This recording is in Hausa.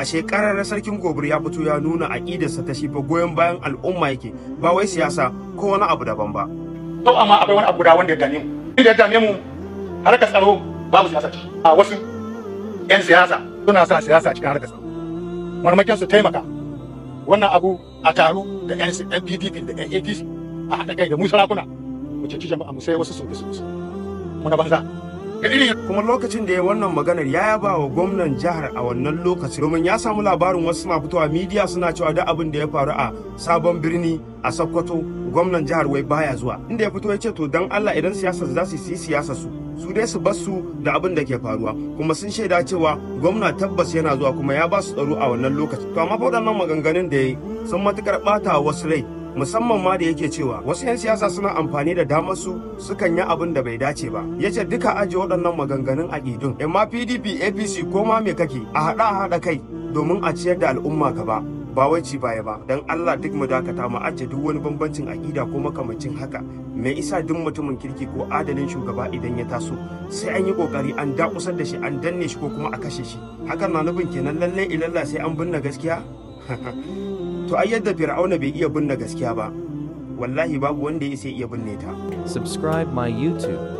a shekarar sarkin gobir ya fito ya nuna aƙidarsa ta shifa goyon bayan al'umma yake ba wai siyasa ko wani abu daban ba to amma akwai wani abu da wanda ya dame mu da ya dame mu harkar tsaro babu siyasa a wasu yan siyasa suna sa siyasa cikin harkar tsaro marmakin su taimaka wannan abu a taro da yan PDP da yan APC a haɗa kai da mu sarakuna mu ci jama'a mu sai wasu su su muna banza kuma lokacin da ya wannan maganar ya yaba wa gwamnan jihar a wannan lokacin domin ya samu labarin wasu suna fitowa midiya suna cewa da abin da ya faru a sabon birni a sokoto gwamnan jihar wai baya zuwa inda ya fito ya ce to dan allah idan siyasa za su yi siyasa su su dai su bar su da abin da ke faruwa kuma sun shaida cewa gwamna tabbas yana zuwa kuma ya ba su tsaro a wannan lokacin to amma fa maganganun da ya yi sun matukar bata wasu rai musamman ma da yake cewa wasu 'yan siyasa suna amfani da damar su sukan yi abin da bai dace ba ya ce duka aje waɗannan maganganun aƙidun ma pdp apc ko ma me kake a haɗa a haɗa kai domin a ciyar da al'umma gaba ba wai ci baya ba dan Allah duk mu dakata mu ajiye duk wani bambancin aƙida ko makamancin haka mai isa duk mutumin kirki ko adalin shugaba idan ya taso sai an yi kokari an dakusar da shi an danne shi ko kuma a kashe shi hakan na nufin kenan lalle ilalla sai an binne gaskiya to ai yadda fir'auna bai iya binne gaskiya ba wallahi babu wanda ya iya binne ta subscribe my youtube